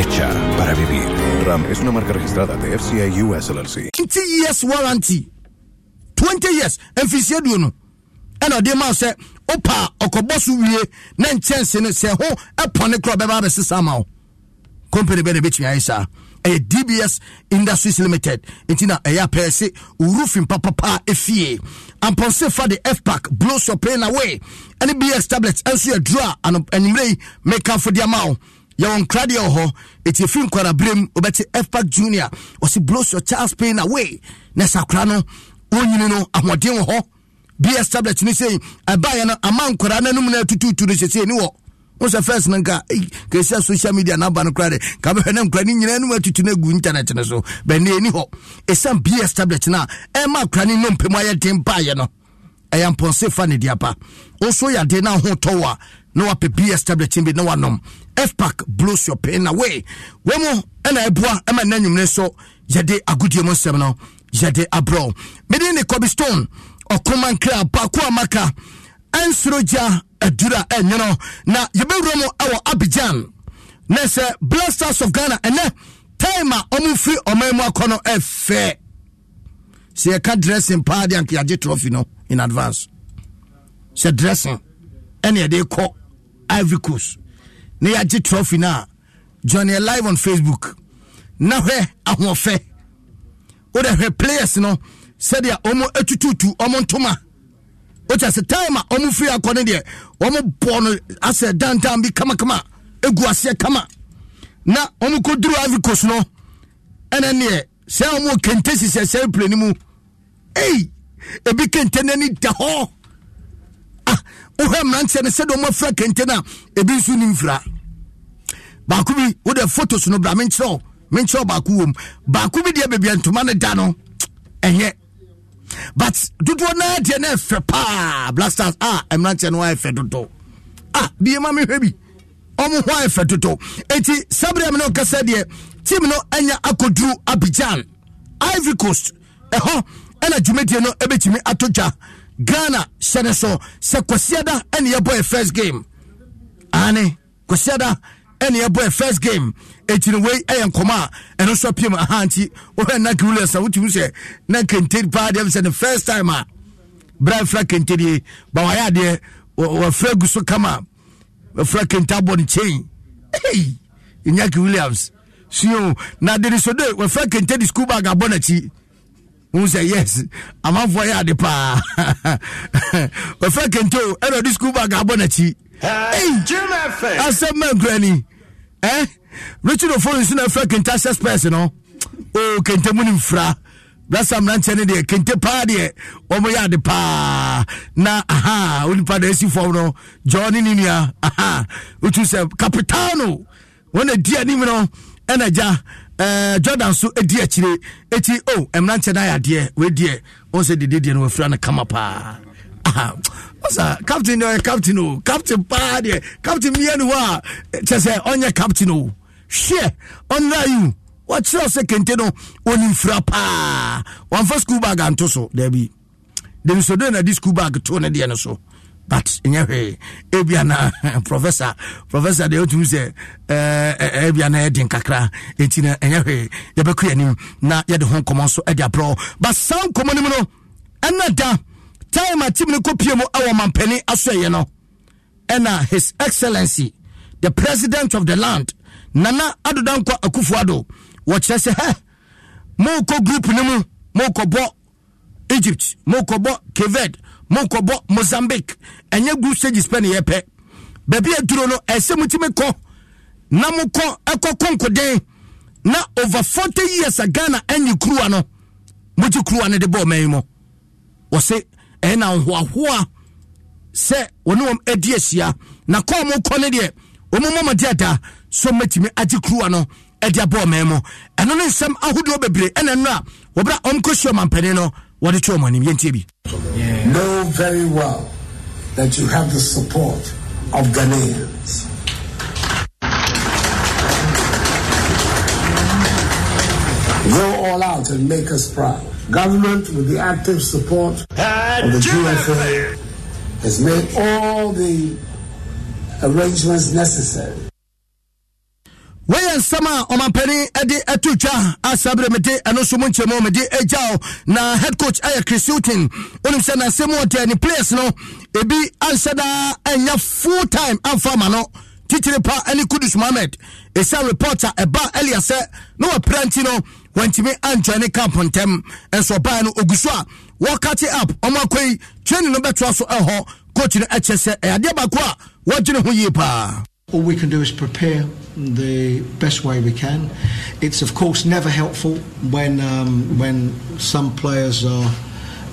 hecha para vivir. Ram es una marca registrada de FCI US LLC. 20 years warranty. 20 years. Mfisie du no. Ɛna ɔde ma sɛ opa ɔkɔbɔ so wie na nkyɛnse no sɛ ho ɛpɔne korɔ bɛba abɛsesa ma wo. Company bɛ na ebɛtumi ayɛ saa. DBS Industries Limited. Nti na ɛyɛ apɛɛse roofing papapa efie. Ampɔnse fa the F-Pack blows your pain away. Ɛne BS tablets ɛnso yɛ and a anwummerɛ yi mɛkanfo de ama wo. yɛwɔ nkra deɛ wɔ hɔ ɛti ɛfiri nkwaraberɛm wobɛte fpak junior ɔse blows your charles pain away na sa kora no ɔnyini no ahoɔden wɔ hɔ bs tablet no sei ɛbaeɛ no ama nkwaraa no anom no atututu no sesei ni wɔ wo sɛ fis no nka kɛsia social media naba no kora de ka bɛhwɛ ne nkora no nyinaa nom atutu no agu internet no so bɛne ani hɔ ɛsiane bs tablet no a ɛma akora no nnompɛ mu ayɛ den baeɛ no ɛyɛ mpɔnse fa ne deapa wo so yɛ ade no ahotɔ wɔ a na wapɛ bs tablet bi na wanom fpack blows your pain away wei mu ɛna ɛboa ɛma nna nwumene so yɛde agodie mu nsɛm no yɛde aborɔ mede ne cobi stone ɔkoma nkra baako amaka ɛnsoro gya adura ɛnwono na yɛbɛwura mu ɛwɔ abidjan na sɛ blasters of ghana ɛnɛ time a ɔmomfiri ɔman mu akɔ no ɛfɛ sɛ yɛka dressing paa de anka yɛagye trophy no in advance sɛ dressing ɛne yɛde kɔ ivory coast na yɛagye trophy no a johnny live on facebook na hwɛ ahoɔfɛ wode hwɛ players no sɛdeɛ ɔmo atututu ɔmo ntoma wokyɛ sɛ time a ɔmo firi akɔ no deɛ ɔmo bɔ no asɛ dantan bi kamakama ɛgu aseɛ kama na ɔmo kɔduru ivory coast no ɛnɛ neɛ sɛ ɔmo kente sisɛ sɛ plane mu ei ebi kente n'ani da hɔ wohwɛ mmeranteɛ no sɛdeɛ ɔmo afira kente no a ebi nso ni mfira baako bi wode photos no bra menkyerɛ menkyerɛ baako wom baako bi deɛ baabi ntoma no da no ɛnyɛ but dodoɔ naa deɛ no ɛfɛ paa blasters a mmeranteɛ no ayɛfɛ dodo a bie ma mehwɛ bi ɔmo ho ayɛfɛ dodo enti sɛberɛ me no nkasa deɛ team no anya akɔduru abidjan ivory coast ɛhɔ ɛna dwumadie no ɛbɛtumi atɔ gya ghana hyɛ so sɛ kwasiada ɛne yɛbɔ yɛ first game ane kwasiada ɛne yɛbɔ yɛ first game ɛkyiri wei ɛyɛ nkɔmɔ a ɛno nso apie mu aha nti wohɛ na kirulas a wotumi sɛ na kenteri paa deɛ sɛ ne first time a berɛ mfra kenteri ba wayɛ adeɛ wɔfrɛ gu so kama wɔfrɛ kente abɔ ne kyɛn ɛnyaki williams sio na denisode ne so de wɔfrɛ kenteri school bag abɔ n'akyi wọn sɛ yes amanfoɔ yɛ ade paa ɔfɛ kente o ɛna ɔde sukuu baag abɔ n'akyi asɛm mɛ nkura ni eh? ɛ richard ofori nso na ɛfɛ kente ahyɛ spɛs no o kente mu ni nfura brasa mmeranteɛ no deɛ kente paa deɛ eh. wɔn yɛ ade paa na aha onipa na esi fam no john ne nua ah, aha otu sɛ capitano wɔn na di anim no ɛna gya. Uh, jordan nso di akyire eti o oh, mmeranteɛ no ayɛ adeɛ wedeɛ wɔn sɛ dede deɛ no wafira no kama paa ɔsa captain no ɔyɛ captain o captain paa deɛ captain mmiɛ no hɔ a eh, kyɛ sɛ ɔnyɛ captain o hwɛ ɔnra yi wɔkyerɛ sɛ kente no ɔnim fira paa wɔmfa school bag anto so daabi demisodɛ na de school bag too ne deɛ no so but nyɛ hwee ebia na professor professor deɛ otum sɛ ɛɛ eh, eh, ebia na ɛdi nkakra eti na nyɛ hwee yɛbɛkɔ yɛn anim na yɛde ho nkɔmɔ nso ɛde aborɔ but saa nkɔmɔ no mu no ɛna da time a team no kɔ pie mu ɛwɔ mampanin asɔyɛ no ɛna his excellency the president of the land nana adodankwa akufuado wɔkyerɛ sɛ hɛ mo kɔ group no mu mo kɔ bɔ egypt mo kɔ bɔ keved monkɔbɔ mozambique ɛnyɛ group stages pɛ ne yɛpɛ baabi aduro no ɛsɛ mutumi kɔ na mokɔ ɛkɔ konkoden na over 40 years a ghana anyi kuruwa no mogye kuruwa no de bɔɔ man mu wɔse ɛyɛ na ahoahoa sɛ wɔne wɔm adi ahyia na kɔɔ mo kɔ no deɛ ɔmomɔmɔde adaa so matumi agye kuruwa no adi abɔɔ man mu ɛno ne nsɛm ahodoɔ bebree ɛna no a wɔberɛ a ɔmkɔhyia ɔmampani no wɔde anim yɛntie bi. know very well that you have the support of ghanaians. Go all out and make us proud. Government, with the active support of the GFA, has made all the arrangements necessary wɔyɛ nsɛm a ɔmampani de ato twa a mede ɛno so mu nkyɛmu mede agya o na head coach ayɛ chris hilton wonim sɛ nansɛm wɔde ne players no ebi anhyɛ daa ɛnyɛ full time amfa ama no titire pa ne kudus mohamed ɛsiane report a ɛba ɛlia sɛ na wɔpra nti no wɔntumi anjoine camp ntɛm ɛnso ɔbaeɛ no ɔgu so a wɔkate up ɔmo akɔ training no bɛtoa so ɛhɔ coach no ɛkyɛ sɛ ɛyɛ adeɛ baako a wɔgyene ho yie paa All we can do is prepare the best way we can. It's of course never helpful when um, when some players are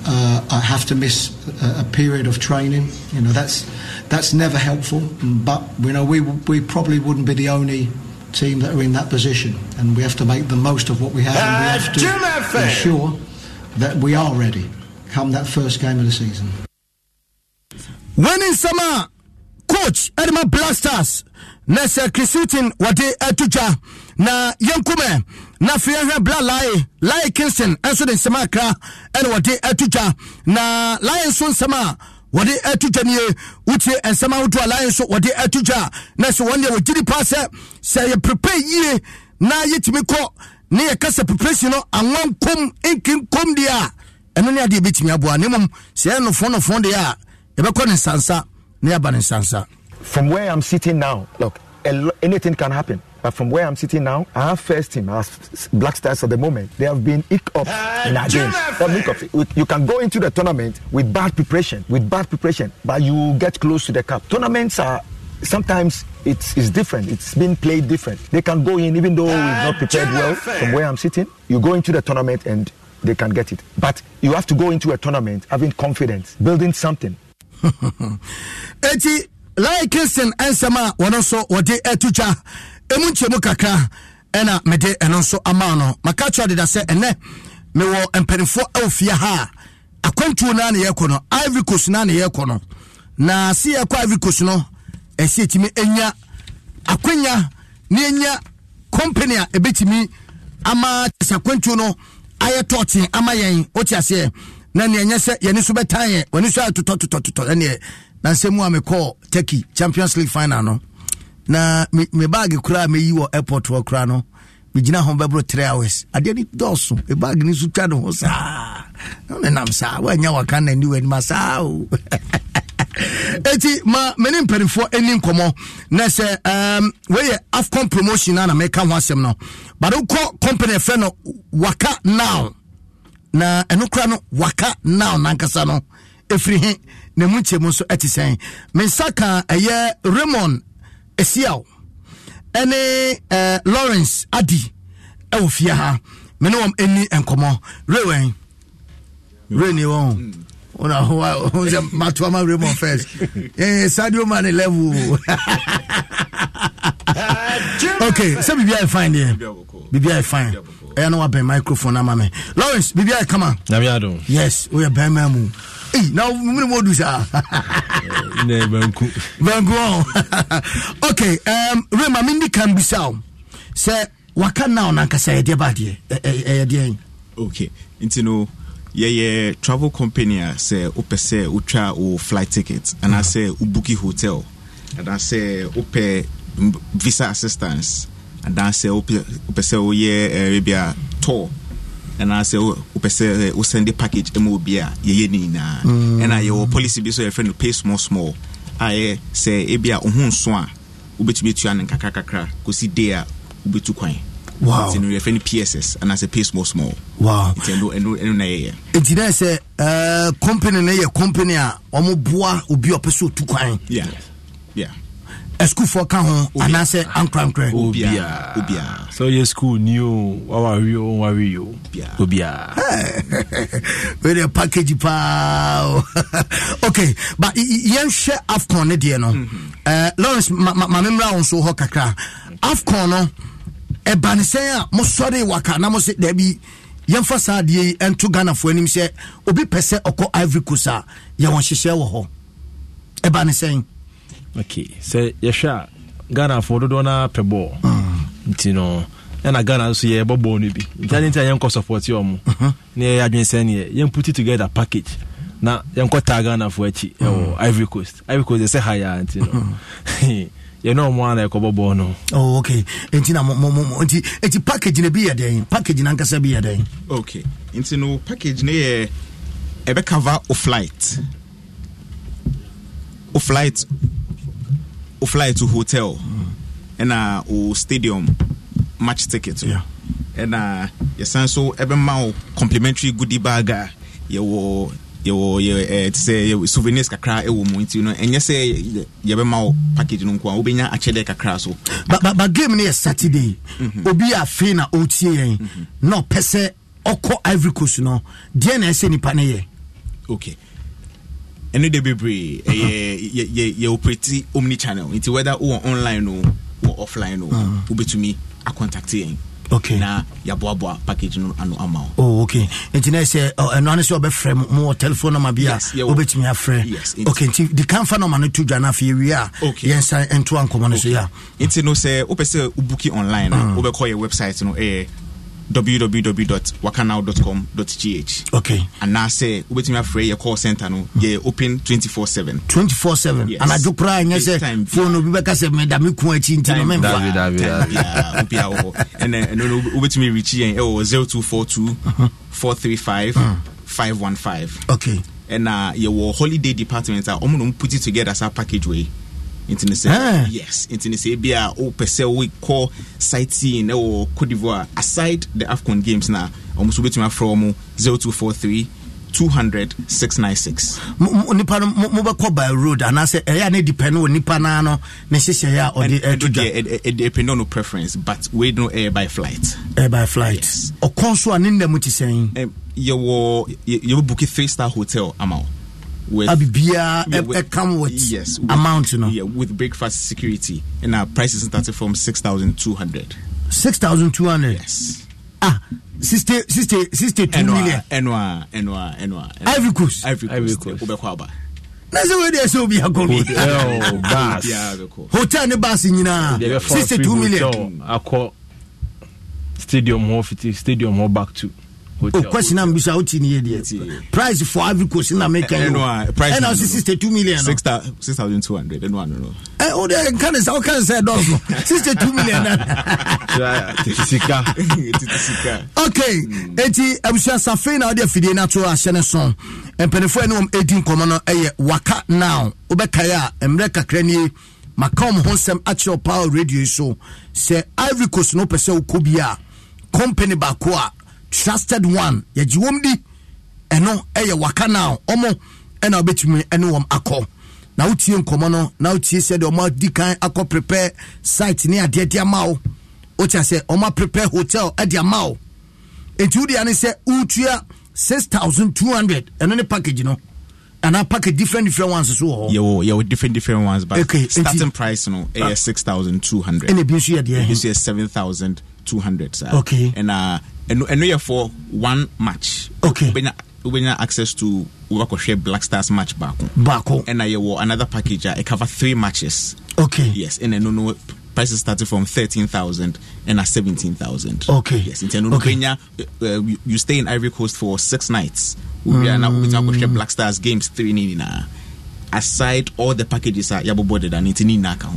uh, uh have to miss a, period of training. You know that's that's never helpful. But you know we we probably wouldn't be the only team that are in that position, and we have to make the most of what we have. And we have to ensure that we are ready come that first game of the season. When is summer. coach edema blasters na sɛ christin wɔde ato na Yankume, na Fiyanwe bla Lai, Lai kingston Enso de nsɛm akra ɛne wɔde ato na Lai nso nsɛm a Etuja ato twa En wotie nsɛm Lai Enso, lae Etuja, wɔde ato twa na Se wɔn deɛ wɔgyiri paa Ye sɛ yɛ prepare yie na yɛtumi kɔ ne yɛkasa preparation no awankom nkinkom deɛ a ɛno ne adeɛ bɛtumi aboa ne mmom sɛ yɛ nofoɔ nofoɔ deɛ a yɛbɛkɔ ne nsansa from where i'm sitting now look anything can happen but from where i'm sitting now our first team our black stars at the moment they have been ick up in our games you can go into the tournament with bad preparation with bad preparation but you get close to the cup tournaments are sometimes it's, it's different. It's been played different. They can go in, even though we've not prepared well from where I'm sitting. You go into the tournament and they can get it. But you have to go into a tournament having confidence, building something, eti lai kristin nsɛm a wɔno nso wɔde atu twa ɛmu nkyɛmu kakra ɛna mɛde ɛno nso ama no maka kyerɛ deda sɛ ɛnɛ mewɔ mpanimfoɔ awɔ fie ha a akwantuo no a ne yɛkɔ no ivory coast no a ne yɛkɔ no na se yɛkɔ ivory coast no ɛsɛ etimi enya akwanya ne enya company a ɛbɛtumi ama kyɛsɛ akwantuo no ayɛ tɔɔten ama yɛn wote aseɛ na neɛ ɛnyɛ sɛ yɛne so bɛtaeɛ wɔne so atotɔtotɔtotɔ ɛneɛ nansɛ mu a mekɔɔ turkey champions league final no na me, me bag koraa meyi wɔ airport hɔ koraa no megyina ho bɛborɔ 3 hours adeɛ no dɔɔso ɛbag no so twa ne ho saa ne nam saa woanya waka na ani w'anim saa o eti ma mene mpanimfoɔ ani nkɔmmɔ na sɛ um, weyɛ afcon promotion no na meka ho asɛm no bade wokɔ company ɛfrɛ no waka now na ɛno no waka now nankasa no ɛfiri he na mu nkyɛmu nso ɛte sɛn mensa ka ɛyɛ raymond asiaw ɛne uh, lawrence adi ɛwɔ fie ha mene wɔm ɛni nkɔmmɔ rewɛn reni wɔn ona wa sɛ matoa ma raymond first eh, sadio man level okay sɛ biribiaa yɛ fine deɛ biribiaa yɛ fine ɛyɛ na wabɛn microphone ama me lawrence biribi ayɛ kama yes woyɛ bɛrima mu na mene mu ɔdu saa banku okay um, rema mendi kan bisa wo sɛ waka now nankasa yɛdeɛ baadeɛ ɛyɛ deɛ okay nti no yɛyɛ travel company a sɛ wopɛ sɛ wotwa wo flight ticket anaasɛ mm. wobooki hotel anaasɛ wopɛ visa assistance anaasɛ wopɛ sɛ woyɛ eh, baabi a tɔ anaasɛ wopɛ sɛ eh, wosɛnde package ma obi a yɛyɛ ne nyinaa mm. ɛna yɛwɔ policy bi so yɛfrɛ no pay small small ayɛ sɛ ebi a wo ho nso a wobɛtumi atua no nkakrakakra kɔsi day a wobɛtu kwan wow. nti no yɛfrɛ no pss anaasɛ pay small small wow. ntiɛno na yɛyɛ nti dɛ sɛ uh, eh, company no yɛ company a ɔmo boa obi a ɔpɛ sɛ ɔtu kwan yeah. Yeah asukuufoɔ ka ho anaasɛ ankorankorɛ sɛ woyɛ sukuul ni o waware o ware o obiaa wedeɛ package paa oh. okay but yɛnhwɛ afcon no deɛ mhm. eh, no lawrence ma memmra wo nso hɔ kakra afcon no ɛba eh, ne sɛn a mosɔre waka na mo se daabi yɛmfa saa adeɛ yi ɛnto ghanafoɔ anim sɛ obi pɛ sɛ ɔkɔ ivory coast a yɛwɔ nhyehyɛ wɔ hɔ ɛba eh, okay sɛ yɛhwɛ a ghanafoɔ dodoɔ no pɛ bɔɔl ah. nti no ɛna ghana nso yɛbɔ bɔɔl no bi nti ade ah. nti a yɛnkɔ sɔpɔte ɔ mu na yɛyɛ adwene sɛ neɛ yɛmputi together package na yɛnkɔ taa ghanafoɔ akyi ɛwɔ mm. ivory coast ivory coast ɛsɛ hayaa nti no uh-huh. yɛne ɔmo ana ɛkɔbɔ bɔɔl no oh, ok nti na nti nti package no bi yɛ dɛn package no ankasa bi yɛ dɛn ok nti no package no yɛ ɛbɛcover o flight o flight fly to hotel mm. ɛna mm. o stadium match ticket ɛna yeah. yɛsan so ɛbɛma wo complimentary goodie bag a yɛwɔ yɛwɔ yɛ ɛɛ ti sɛ souvenirs kakra ɛwɔ mu nti no ɛnyɛ sɛ yɛbɛma wo package no nko a wobɛnya akyɛdɛ kakra so. ba ba ba game no yɛ saturday mhm. obi afei na ɔretie yɛn mhm. na ɔpɛ sɛ ɔkɔ ivory coast no deɛ na ɛsɛ nipa no yɛ. okay ɛno de bebree eh, ɛyɛ yɛ operate omni channel nti whether wowɔ online no wɔ offline no wobɛtumi ah. acontact yɛn okay na yɛboaboa package no ano ama wo oh, okay nti na sɛ ɛno oh, eh, ane sɛ wɔbɛfrɛ mo mowɔ telephone number bi a wobɛtumi afrɛ okay nti de ka mfa number no to dwa no afei wie a yɛnsa ɛnto ankɔmmɔ no so yɛ nti no sɛ wopɛ sɛ wobuki online a ah. wobɛkɔ yɛ website no ɛyɛ eh, www.wakanow.com.gh okay and now say, we wobɛtumi afrɛ yɛ call center no hmm. yeah, open 24/7 24/7 yes. anadwo koraa ɛnyɛ sɛ phone obi bɛka sɛ meda me ko akyi nti no memfa obia wɔ hɔ ɛnɛ ɛno no wobɛtumi rekyi yɛn ɛwɔ 0242 435 515 okay And ɛna uh, your holiday department a uh, ɔmo nom put it together as a package way nti ne sɛ yes nti ne sɛ bi a wopɛ sɛ wokɔ sighting ɛwɔ Cote d'Ivoire aside the AFCON games na ɔmo so wobɛtumi afrɛ ɔmo 0243 200 696 nipa no mobɛkɔ by road anaasɛ ɛyɛ ne depend wɔ nipa naa no ne hyehyɛeɛ a ɔde ɛto dwa depend on preference but we no air by flight Air by flight ɔkɔn so a ne nna mu te sɛn yɛwɔ yɛbɛbuki three star hotel ama with abibia yeah, e- with, e come with yes with, amount you know yeah with breakfast security and our price started from 6200 6200 yes ah 60 60 62 million enwa enwa enwa enwa ivory coast ivory coast obekwa ba na sɛ wei deɛ sɛ obi akɔ hotel ne bas nyinaa 62 million akɔ stadium hɔ fiti stadium hɔ back to o question na mbisa o ti ni ye deɛ price for every eh, question eh, eh, na mi kɛn o ɛna o si sixty two oh, million six thousand two hundred ɛnu anu no. ɛ o de nkan de sa o kan de sa dɔɔso sixty two million na. titi sika titi sika. okay hmm. eti abusua safe na ɔde afidie na to ahyɛ ne so mpanyinfoɔ ɛni wɔn edi nkɔmɔ no ɛyɛ waka now wobɛkae a mmerɛ kakra nie maka wɔn ho nsɛm akyerɛ ɔpaa radio yi so sɛ ivory coast no pɛ sɛ wokɔ bi a company baako a trusted one yɛgye wɔm di ɛno ɛyɛ waka na ɔmo ɛna wobɛtumi ɛne wɔm akɔ na wotie nkɔmmɔ no na wotie sɛdeɛ ɔmo adi kan akɔ prepare site ne adeɛ de ama wo wotia sɛ ɔmo prepare hotel de ama wo enti wodea ne sɛ wotua hundred ɛno ne package no and I pack different different ones as well. Yeah, well, yeah, with different different ones, but okay, starting price you no know, uh, ah. six thousand two hundred. And it be seven thousand 200 sir. okay and uh and, and we are for one match okay wobɛnya access to wobɛkɔhwɛ black stars match Back. And I have another package uh, I cover three matches okay yes And ɛno no prices started from 13,000 and at 17,000. Okay. Yes, in Tenu okay. Kenya, uh, uh, you, you stay in Ivory Coast for six nights. We are now going to mm. Black Stars games three in Aside all the packages are uh, yabo boarded and it's in Naka.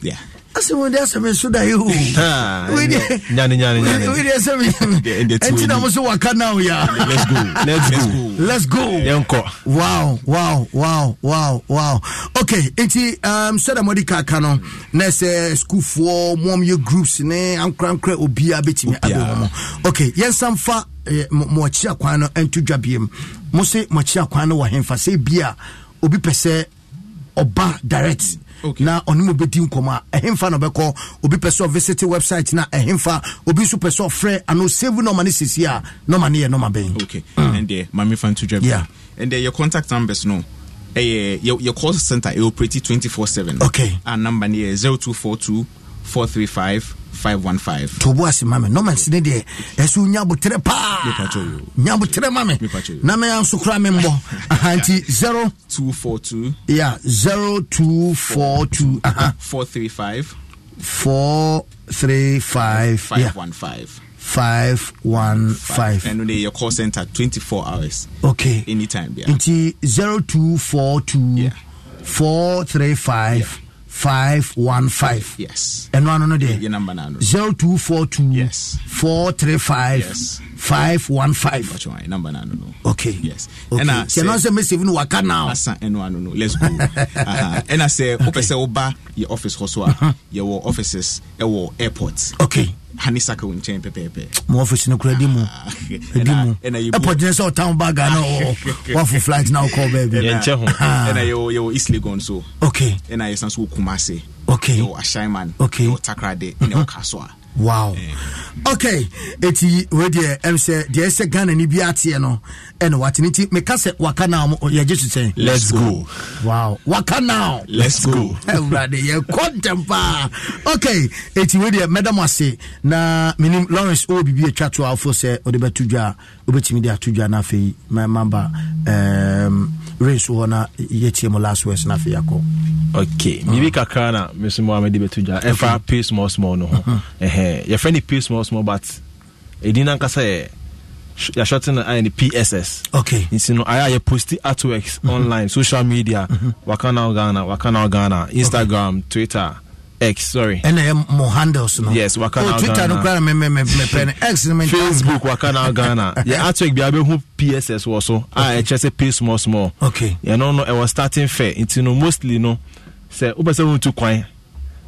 Yeah. asɛm de asɛm nso da yɛwode asɛmɛnti na mo so waka now ya let's go wow wow wow wow wow okay nti um, sɛda mɔde kaka no na sɛ sukuufoɔ mɔm yɛ groups ne ankorankora obiaa bɛtumi abɛwɔ mu okay yɛnsa mfa eh, mɔakyi akwan no ɛnto dwa biam mo se mɔakyi akwan no wɔ hemfa sɛ bia obi pɛ sɛ ɔba direct na ɔne mu bɛdi nkɔmmɔ a ɛhemfa na ɔbɛkɔ obi pɛ sɛ ɔvisit website na ɛhemfa obi nso pɛ sɛ ɔfrɛ ano save nɔma no sesi a nɔma no yɛ nɔma bɛn okay. mm. ɛndeɛ mamefa nto your contact numbers no ɛyɛ your, your call center ɛoperate 24 7 okay. and number no yɛ 0242 four three five five one five. tobo ase ma mi normal si ne deɛ ɛsɛ nyabotere paa nyabotere na mɛ yan sukura mi bɔ zero. two four two. ya zero two four two. four three five. four three five. five one five. five one five. And they your call center twenty four hours. Okay. Anytime. Yeah. zero two four two. Yeah. Four three five. 515 yes ɛno yes 435 yes 515 number no no okay yes okay. ɛna sɛ ɛno sɛ mɛsave no waka now asa let's go wopɛ sɛ woba yɛ office hɔ so a yɛwɔ offices ɛwɔ airport okay hane saka wo nkyɛn pɛpɛɛpɛ ma wɔfisi no koradi mu ɛdi muɛpɔgyene sɛ ɔtown baga na wafo flight na wokɔ baabiɛyɛwɔ east Legon so Okay. ɛna yɛsan so wɔ kuma ase yɛwɔ ashaiman okay. yɛwɔ takrade ɛne ɔka so wow mm-hmm. okay eti wei deɛ ɛm sɛ ɛsɛ ghana ni bi ateɛ no ɛna wate ne ti meka sɛ waka now mo yɛgye so sɛn let's go wow waka now let's go ɛwurade yɛ kɔntɛm paa okay eti wei deɛ ase na menim lawrence o bibi e, atwa to a wofo sɛ ɔde bɛto dwa a wobɛtumi de ato dwa no afei maba um, race wɔ na yɛtie mo last words no afei Okay, biribi ah. kakra na meso mu a mede bɛto gya ɛfa pay small small no ho uh-huh. yɛfrɛ ne pay small small but ɛdin no ankasa yɛ yɛahyɛte no ayɛ ne pss okay. nti no ayɛ a yɛposti artworks mm -hmm. online social media mm -hmm. waka now ghana waka now ghana instagram okay. twitter X, sorry. And I am more handles. No? Yes, Wakana oh, Twitter, Ghana. Twitter, me, me, me, me, pen. X, Facebook, Wakana Ghana. yeah, actually, be able who PSS was so. I just a pay more, small. Okay. You know, no, I was starting fair. It's you know, mostly no sɛ wopɛ sɛ kwan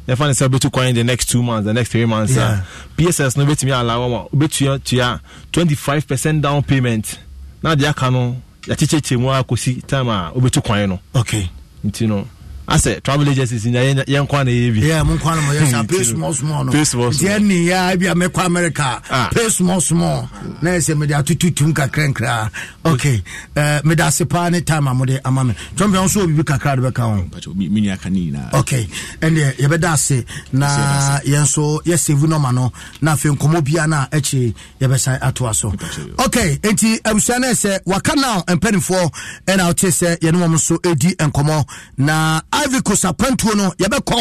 yɛfa ne sɛ wobɛtu kwan the next two months the next three months yeah. pss no wobɛtumi alawa ma wobɛtuatua 25 percent down payment na deɛ aka no yɛakyekyɛkyɛ mu akɔsi time a wobɛtu kwan no okay. nti no asɛ travel agencies nyɛ yɛn kwan na yɛ bi. yɛ mu kwan na mo yɛ sa pay small small no pay small small diɛ ni ya ebi a mɛ kɔ america ah. pay small small na yɛ sɛ mɛ de atutu tum kakra nkira okay ɛɛ eh, mɛ de ase paa ne time a mo de ama mi tɔn bɛn so obi bi kakra de bɛ kan o. mi ni a ka ne nyinaa. okay ɛnni eh, yɛ bɛ da ase na yɛn so yɛ save nɔma no na afei nkɔmɔ bia na ɛkyi yɛ bɛ san ato aso okay eti abusua na yɛ sɛ waka now mpanyinfoɔ ɛna ɔte sɛ yɛn mu nso edi nkɔmɔ na ivory coast akwantuo no yɛbɛkɔ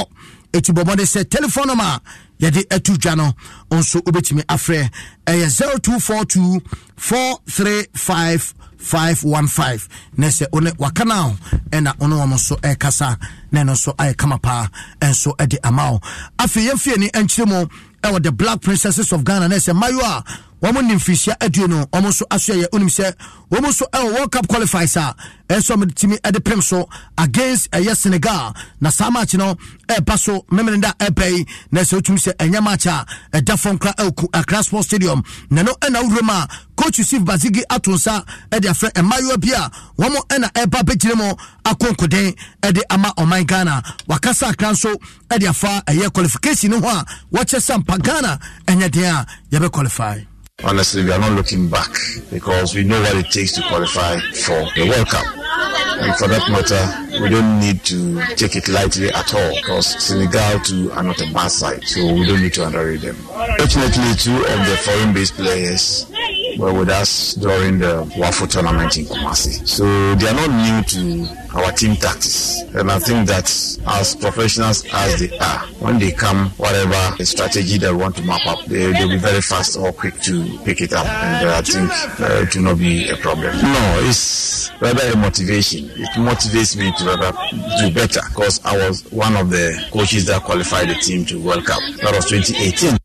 ɛtu bɔmmɔde sɛ telephone number a yɛde atu dwa no nso wobɛtumi afrɛ ɛyɛ 0242 435 515 na sɛ wone waka no ɛna wone wɔ m nso ɛrekasa na ɛno nso ayɛ kama paa ɛnso de ama wo afei yɛmfie ni mu ɛwɔ the black princesses of ghana na ɛsɛ mayo a wɔn ne mfirihyia aduo no wɔn nso asoɛ yɛ onim sɛ wɔn nso ɛwɔ world cup qualifiers a ɛsɛ wɔn tumi ɛde pem so against ɛyɛ senegal na saa match no ɛɛba so mmemme da ɛɛba yi na ɛsɛ otum sɛ ɛnyɛ match a ɛda fam kora ɛwɔ akra sports stadium na no ɛna awura mu a coach yusuf bazigi ato nsa ɛde afrɛ mmaayewa bi a wɔn ɛna ɛɛba abɛgyina mu akonkoden ɛde ama ɔman ghana wakasa akra nso ɛde afa ɛyɛ qualification no ho a wɔkyɛ sampa ghana ɛnyɛ den a yɛbɛ qualify. honestly, we are not looking back because we know what it takes to qualify for the World Cup. And for that matter, we don't need to take it lightly at all because Senegal too are not a bad side, so we don't need to underrate them. Fortunately, two of the foreign-based players were with us during the WAFO tournament in Kumasi. So they are not new to our team tactics. And I think that as professionals as they are, when they come, whatever strategy they want to map up, they, will be very fast or quick to pick it up. And uh, I think uh, it will not be a problem. No, it's rather a motivation. It motivates me to rather do better because I was one of the coaches that qualified the team to World Cup. That was 2018.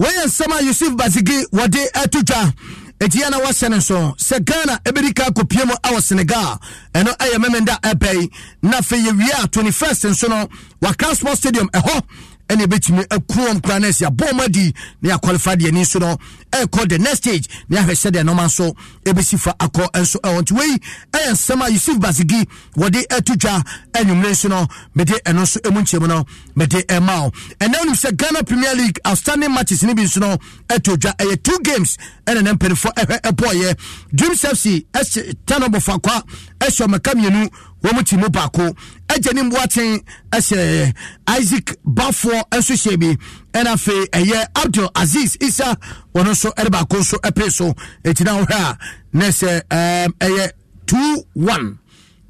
wɔyɛ nsɛm a yusuf basigi wɔde ato dwa ɛti yɛ na wɔhyɛ ne so sɛ ghana ɛbɛdi ka akɔpie mu awɔ senegal ɛno ɛyɛ memenda ɛbɛi na afei yɛwie a 21 nso no wakra sport stadium ɛhɔ ɛna ebɛtumi ɛku wɔn kura nɛɛsi abɔ wɔn adi na yɛakwalifa deɛ ni nso no ɛrekɔ the next stage na yɛahwɛ sɛ deɛ nɔɔma nso ebɛsi fa akɔ ɛnso ɛwɔ nti wei ɛyɛ nsɛm a yusuf basigi wɔde ɛtu dwa ɛnumere nso no mɛde ɛno nso emu nkyɛn mu no mɛde ɛma o ɛnna wɔn sɛ ghana premier league outstanding matches ni bi nso no ɛtu dwa ɛyɛ two games ɛna ne mpanyinfoɔ ɛhwɛ ɛbɔɔyɛ Dream fc ɛhyɛ tanobɔ fakwa ɛhyɛ ɔmaka mmienu wɔn mu ti mu baako ɛgye ne mboaten ɛhyɛ isaac bafoɔ nso hyɛ bi ɛna afei ɛyɛ abdul aziz isa wɔn nso ɛde baako nso ɛpere so ɛgyina hɔ a na ɛsɛ ɛɛm ɛyɛ two one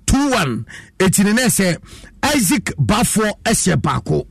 two one ɛgyina na ɛsɛ isaac bafoɔ ɛhyɛ baako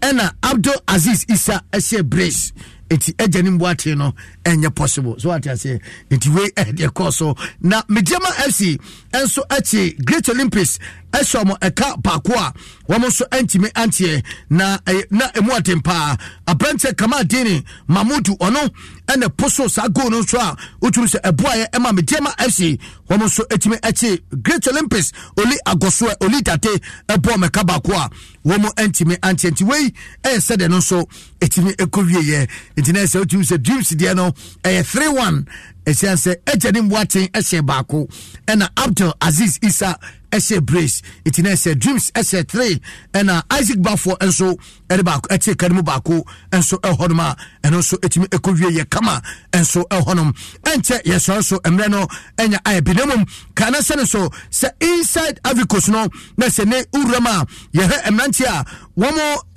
ɛna abdul aziz isa ɛhyɛ brace nti agya ne mbu ate no ɛnyɛ possible so wate aseɛ nti wei ɛdeɛ kɔɔ so na mediama fc ɛnso akyi great olympics ɛhyɛ wɔn ɛka baako a wɔn nso ntumi anteɛ na ɛyɛ na emu aten paa aberanteɛ kamadini mamudu ɔno ɛna poso saa goal no nso a otum sɛ ɛboa yɛ ɛma mediama fc wɔn nso etumi akyi great olympics oli agosoɛ oli date ɛboa mɛka baako a wɔn ntumi anteɛ nti wei ɛyɛ sɛdeɛ no nso etumi ekɔ wie yɛ nti na ɛsɛ otum sɛ dreams deɛ no ɛyɛ three one ɛsiane sɛ ɛgya ne mu aten ɛhyɛ baako ɛna abdul aziz isa. ɛhyɛ brace nti na ɛhyɛ dreams ɛhyɛ three ɛna isaac bafo nso ɛde baako ɛte kanimu baako nso ɛhɔnom a ɛno nso ɛtumi ɛkɔwie yɛ kama nso ɛhɔnom ɛnkyɛ yɛsɔre so mmerɛ no ɛnya ayɛ bi na mmom kaa na sɛ no so sɛ inside avicos no na sɛ ne wuram a yɛhwɛ mmeranteɛ a wɔn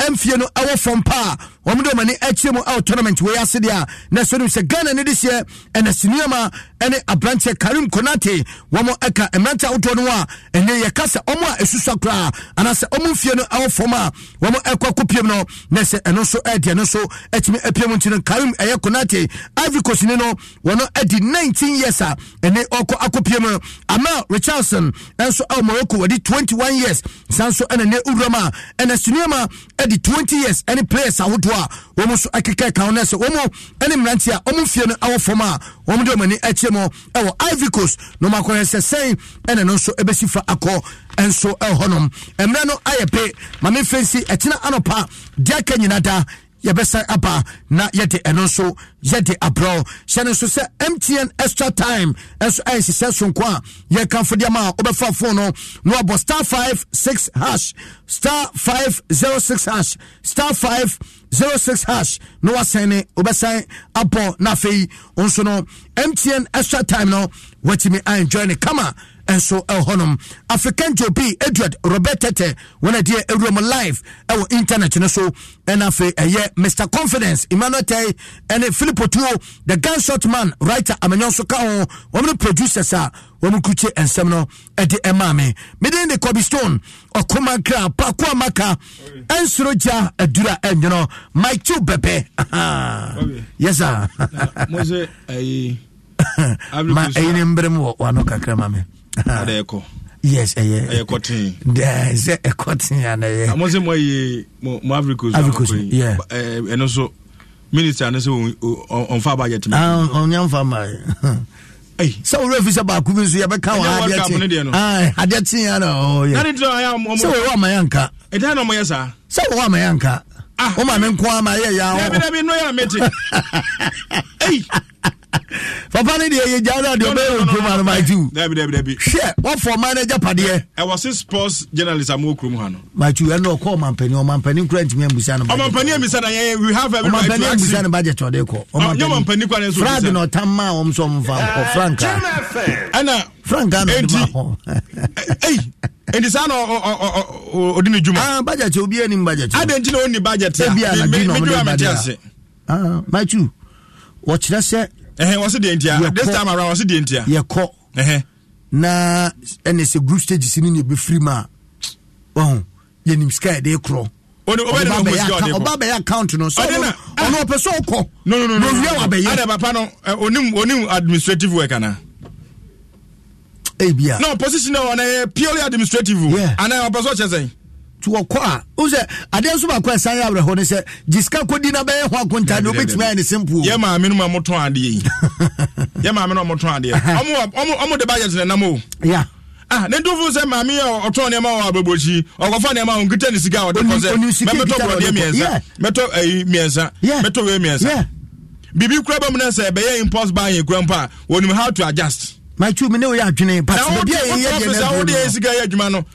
mfie no ɛwɔ fam paa wɔn de wɔn ani akyire mu ɛwɔ tournament wɔ yase deɛ a na so nim sɛ ghana ne de seɛ ɛna siniama ɛne aberanteɛ karim konate wɔn ɛka mmeranteɛ ahodoɔ no a ɛnɛ yɛka sɛ wɔn a ɛsusua koraa anaasɛ wɔn mfie no ɛwɔ fam a wɔn ɛkɔ kɔ piem no na sɛ ɛno nso ɛdeɛ no nso ɛtumi apiem nti no karim ɛyɛ konate ivory coast ni no wɔn ɛdi nineteen years a ɛnɛ ɔkɔ akɔ piem amal richardson ɛnso ɛwɔ morocco wɔde twenty one years san so ɛna ne owuram a ɛna siniama Ma, de twenty years ne players ahodoɔ a wɔn nso keka ka ho no sɛ wɔn ne mmeranteɛ a wɔn mfie no awɔ fam a wɔn de wɔn ani akyɛ mu wɔ Ivory Coast na wɔn akɔyɛ sɛ sɛn na no nso bɛsi fa akɔ nso wɔ hɔnom mmerɛ no ayɛ pe maame fɛnsi ɛtena anɔpa deɛ aka nyina yɛbɛsan aba na yɛde ɛno nso yɛde abrɛ hyɛne nso sɛ mtn extra time ɛnso ɛnhyehyɛ sonko a yɛkamfo deɛ ma a wobɛfa fo no na wabɔ star 56 hash star 506 hash star 506 hash na wasɛn ne wobɛsan abɔ na afei nso no mtn extra time now. I no watumi anjoy ne So El Honum, african job edward robert tete I dear ewura mu live ɛwɔ internet no so ɛna afei ɛyɛ mr confidence emmanuel tey ɛne philip otuo the gunshot man writer amanyɔ nso one ho wɔn ne producers a wɔn kurukye nsɛm no Eddie ɛmaa mi meden de kobe stone ɔkoma kra and amaka ɛnsoro eh, gya adura ɛnwono mike chu bɛbɛ yes sir. ma ɛyi ne mbrɛ mu wano kakra ma me yes ɛyɛ sɛ ɛkɔten anɛyɛɛno so minister no sɛ ɔmfa bayɛ tmɔnya mfa mmaɛ sɛ worɛ fi sɛ baako bi so yɛbɛka wadeɛ teɛ na sɛ wɔwɔ ama yɛnka sɛ wɔwɔ ama yɛnka Ah. wo maame nko ama yɛ yɛ awɔ no yɛ mɛgye papa ne deɛ yɛ gyaa no adeɛ ɔbɛyɛ wɔ kurom ano mate wo hwɛ wɔfɔ ma no agyapadeɛ ɛwɔ se sports journalist amɔ kurom ha no mate wo ɛne ɔkɔ ɔmampani ɔmampani kora ntumi ambusa no ɔmampani amisa na yɛyɛ we have every right to ask ambusa no budget ɔde kɔ ah, ɔmampani kwa ne nso frad na ɔtam ma wɔm so ɔmfa nkɔ franka ɛna franka no ɔde ma hɔ nti saa na ɔdi ne dwuma. Ah, budget obi anim budget. adan na ɔni budget ya mi mi dwuma mi ti ase. Ah, matthew wɔkyerɛ sɛ. ɛhɛn wɔsi deɛ ntia this time around wɔsi deɛ ntia. yɛ kɔ na ɛna sɛ group stages ni na ebi firi mu a ɔhun yɛ nim sika yɛ de korɔ. ɔba bɛyɛ account no so ɔno ah. ɔpɛ sɛ ɔkɔ. no no no no ɔwia wa bɛyɛ. ada papa no onim onim administrative work ana. ebia. na opposition na wọn yɛ purely administrative. ana ɔpɛ eh, so ɔkyɛ sɛn. to ɔkɔ a o sɛ adeɛ nso baako a san yɛ awerɛhɔ ne sɛ jisika kodi na bɛyɛ ho akonta de obetumi ayɛ ne simple. yɛ maame no ma mo tɔn adeɛ yi yɛ maame no ma mo tɔn adeɛ ɔmo ɔmo ɔmo de budget na nam o. ya. ah ne ntofo sɛ maame yɛ ɔtɔn nneɛma wɔ abɛbɔkyi ɔkɔfa nneɛma wɔn nkita ne sika a ɔde kɔ sɛ mɛtɔ borɔdeɛ mmiɛnsa mɛtɔ ɛyi mmiɛnsa mɛtɔ wei mmiɛnsa biribi kura bɛ mu na sɛ ɛbɛyɛ impulse buying kura mpo a wɔnim how to adjust matthew mi ne oyɛ adwene patwode sika yɛ adwuma no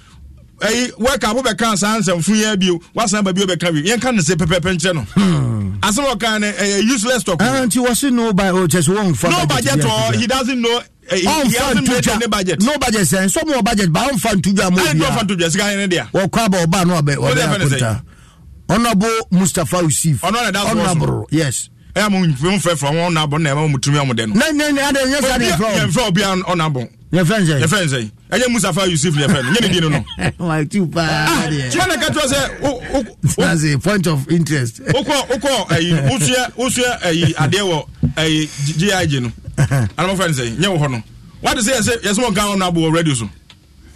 ɛyi wɛka wobɛka saa nsɛmfo yɛ bio woasana baabi wobɛka wi yɛnka ne se pɛpɛpɛ nkyɛ no hmm. asɛm ɔka no ɛyɛ useless talk ah, nti wɔ se no ba oh, kyɛ sɛ wɔmfa no budget or he doesn't know eh, ɔmfa budget no budget sɛ nsɔ mu wɔ budget ba ɔmfa ntodwa mɔfa ntodwa sika yɛ ne dea wɔkɔ aba ɔba no ɔbɛ ɔbɛ akɔta ɔnabo mustapha usif ɔnaboro yes ɛyà mo nfin fɛ fura wɔn ɔnabɔ na ɛmɛ mutumi ɔmu dɛ no. ne ne ne ade n yɛ fɛn de fɛ o. yɛn fɛ obi ɔnabɔ. yɛn fɛn sɛ. yɛn fɛn sɛ ɛyɛ musafa yusuf yɛn fɛ no yɛn ni diinu no. wa tu paa de yɛ. tiɲɛ na ka tura sɛ o o. sanse point of interest. o kɔ o kɔ ɛyi usua usua ɛyi adeɛ wɔ ɛyi gig no anamɔ fɛn sɛ nyɛ wɔ hɔ no wadi sɛ yɛsɛ yɛsɛ wɔ gan ɔnabɔ wɔ radio so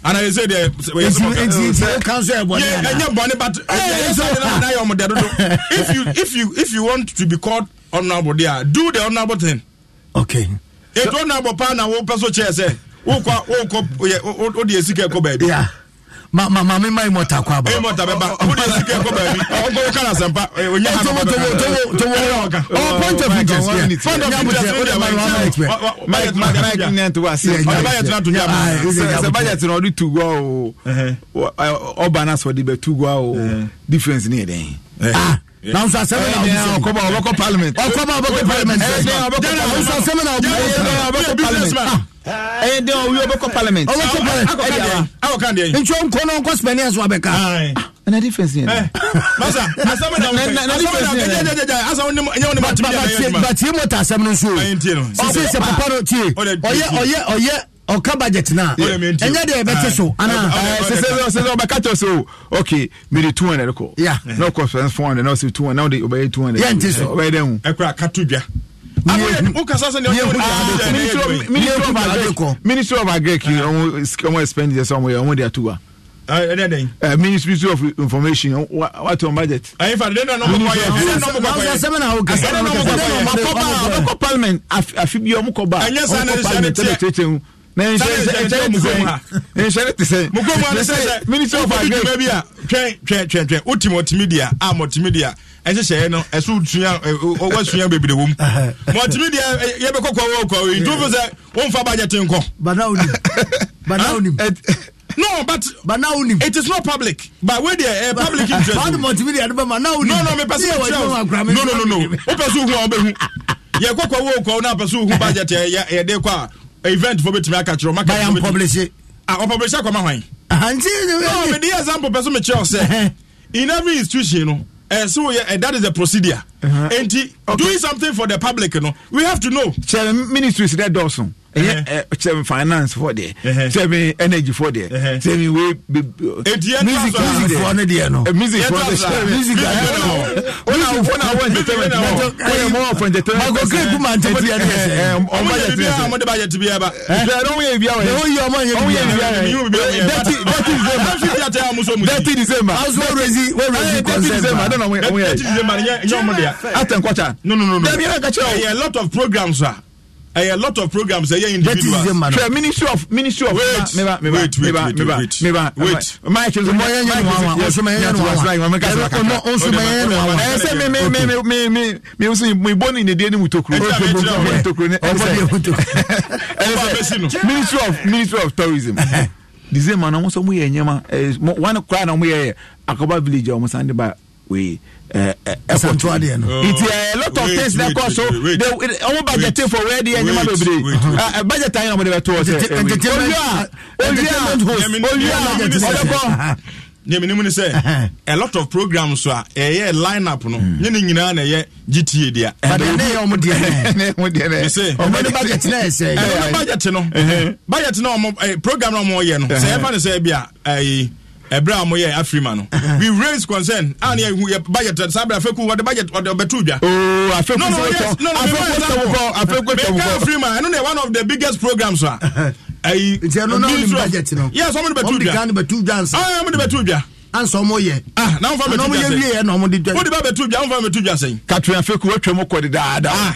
ana yɛ sɛ deɛ yɛ sɛ mɔkɛ ɛnyɛ bɔnne but ɛyɛ sɛ yɛ na yɛ ɔmu dɛ dodo if you if you if you want to be called honorable there do the honorable thing. okay. ètò so, pa na wo pẹ́ so kyẹ́ sẹ́ wọ́n o di esike kẹ́ ẹ̀kọ́ Ya, ma ma ma mi ma imota e kwa. ba ó di èsì kẹ́ ẹ̀kọ́ bẹ́ẹ̀ bi ọkọ ọ point of interest point of interest o ma ma ma o de nanso asɛmɛ na ɔbɛsɛ ɔkɔba ɔbɛkɔ parliament ɔkɔba ɔbɛkɔ parliament dɛrɛ nanso asɛmɛ na ɔbɛkɔ parliament ɛyɛ den ɔwi ɔbɛkɔ parliament ɔbɛkɔ parliament awɔ kan deɛ ntwa nkɔ na nkɔ spɛni ɛsɛ ɔbɛka na difference yɛn. Eh. masa asɛmɛ na asɛmɛ na jajajaja asɛmɛ ni ɛyɛ wɔn ni ma ti mi yɛrɛ yɛrɛ ma. bati mɔta asɛmɛ ni so ɔsɛ sɛ papa ah. n'o tie ɔyɛ ɔyɛ ɔyɛ ɔka budget na ɛnyɛ deɛ ɛbɛte so anasɛ ɔbɛka kyɛ so ok mede 200 kɔ na ɔkɔ spɛn 400 na ɔsɛ 200 na wode ɔbɛyɛ 200 yɛnte so ɔbɛyɛ dɛ hu ɛkora ka to dwa ministry of agric ɔmɔ expenditure sɛ ɔmɔyɛ ɔmɔ de atowa ministry of information what on budget. ayi fa de na n'o mɔgɔ yɛ de na n'o mɔgɔ yɛ sɛbɛn na o gɛ sɛbɛn na o gɛ sɛbɛn na o parliament afi bi ɔmu kɔ ba ɔmu kɔ parliament tɛbɛ nhyɛne te sɛ no kɔ ntumfo sɛ womfa bagyɛte but but now unim it is not public but where there eh, public interest no no no no budget ye ye de Eh, event fo bɛtumi aka kyerɛ ɔmakapublishe ah, ɔpublishe akɔma hwan mede yɛ example pɛ so mekyerɛ sɛ in every institution no uh, so eh, that is the procedure uh and the, doing something for the public you know, we have to know ministries there dawson ɛyɛ sɛmi finance fɔ deɛ sɛmi energy fɔ deɛ sɛmi we be music music fɔ ne deɛ no music fɔ ne deɛ music fɔ ne deɛ o na o na o entertainment mɔ o yɛ mɔ for entertainment mako kiri kuma n tɛ tiɲɛ tiɲɛ sɛ yɛ tiɲɛ sɛ ɔmɔ de b'a yɛ ti bi yɛ ba ɛɛ ɔmɔ yɛ bi yɛ o yɛ ɔmɔ yɛ bi yɛ o yɛ dɛti dɛti december dɛti december house wey rezi wey rezi consent ma dɛti december ni yɛ ɔmɔ de ya atɛ nkɔta no no no no dɛbi yɛ ka kɛ o a lot of programs ah a lot of programs ɛyɛ eh, individuals. sɛ ministry of ministry of. wait meba, meba, wait wait meba, wait meba, wait wait. mike sọ ma yẹn yẹn nu wa wa ọsùnmọ yẹn nu wa wa ọsùnmọ yẹn nu wa wa. ẹ sẹ mi mi mi mi mi mi mi mi bọ ni nìdí ẹni mu tokuro. o tẹ bọ mi tokuro ni ọbọ mi mu tokuro. ministry of ministry of tourism. december na wọn sọ mu yẹ ẹ nyẹ ma eh, one kura na wọn yẹ akọba village ọmọ sandi ba we uh, uh, effort. Oh. Nti eh, a lot of things that kɔ so they ɔmo budget for where di ɛnyɛma bebree budget ayi na ɔmo de bɛ to ɔsɛ owia owia owia ɔbɛkɔ. nyɛminimu ni sɛ a lot of programs hmm. a ɛyɛ line up no nye ne nyinaa na ɛyɛ gta dea. ɛdɛ ne yɛ ɔmo deɛ ne ɔmo deɛ ne ɔmo ne budget na ɛsɛ. ɛɛ ɔmo budget no uh-huh. budget na program no ɔmo yɛ no sɛ ɛfa ne sɛ ebi a ɛbrɛ a moyɛ afrima no we raise concern a ne yɛ budget saa berɛ afɛku wɔde budget ɔde ɔbɛto dwa meka afrima ɛno ne one of the biggest programs a ayi yes ɔmo de bɛto dwa ɔmo de bɛto dwa ansa ɔmo yɛ. ah n'anw fa bɛ tu dwa sɛn. n'anw yɛ wie yɛ n'anw de dwa. o de b'a bɛ tu dwa anw fa bɛ tu dwa sɛn. katrin afeku o twɛ mo kɔ de daadaa.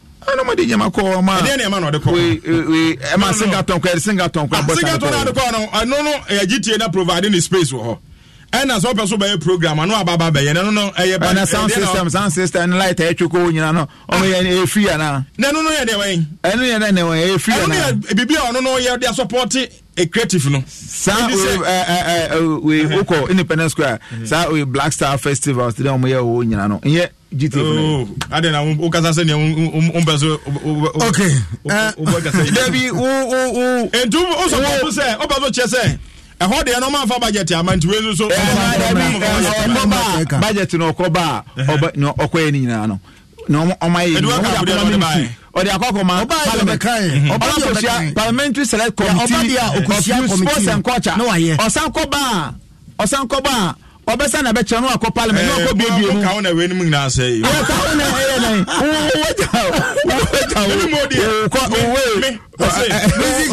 ɛna ah, mo de ɲama kɔ ɔma ɛdiyɛ ni ɛma na ɔde kɔ wee ɛma singaton kɔ ɛdi singaton kɔ ɛbɔ ah, singaton na ɔde kɔ no ɛno ah, no ɛyɛ eh, gta na provide ni space wɔ hɔ ɛna sɛ ɔpɛ so bɛyɛ program ano ababa bɛyɛ ɛno no ɛyɛ eh, ba ɛna eh, sound system sound system ne light ɛyɛ twoko nyina no ɔmo yɛ ɛyɛ free ana. na ɛno no yɛ deɛ wɔyɛ. ɛno yɛ deɛ wɔyɛ ɛyɛ free ana. ɛno yɛ bibi a ɔno no yɛ de asɔpɔte a creative We saa o wokɔ independence square saa o black star festival ti dɛ ɔmo yɛ o nyina no GTA oh, fúnẹ. adé na o kasa sẹ ni o so. ok dabi ɛhɔ deɛ no ɔmamfa budget ama nti wei nso budget no ɔkɔba a ɔkɔyɛ no nyinaa no ɔde akɔkɔma parliamentary select committee of and culture ɔsan kɔba a ɔsan kɔba a ɔbɛsa na bɛkyerɛ no akɔ parliament eh, na ɔkɔ biebie mu kawo na wei no mu nyinaa sɛ kawo na ɛyɛ na wogya wogya wokɔ wei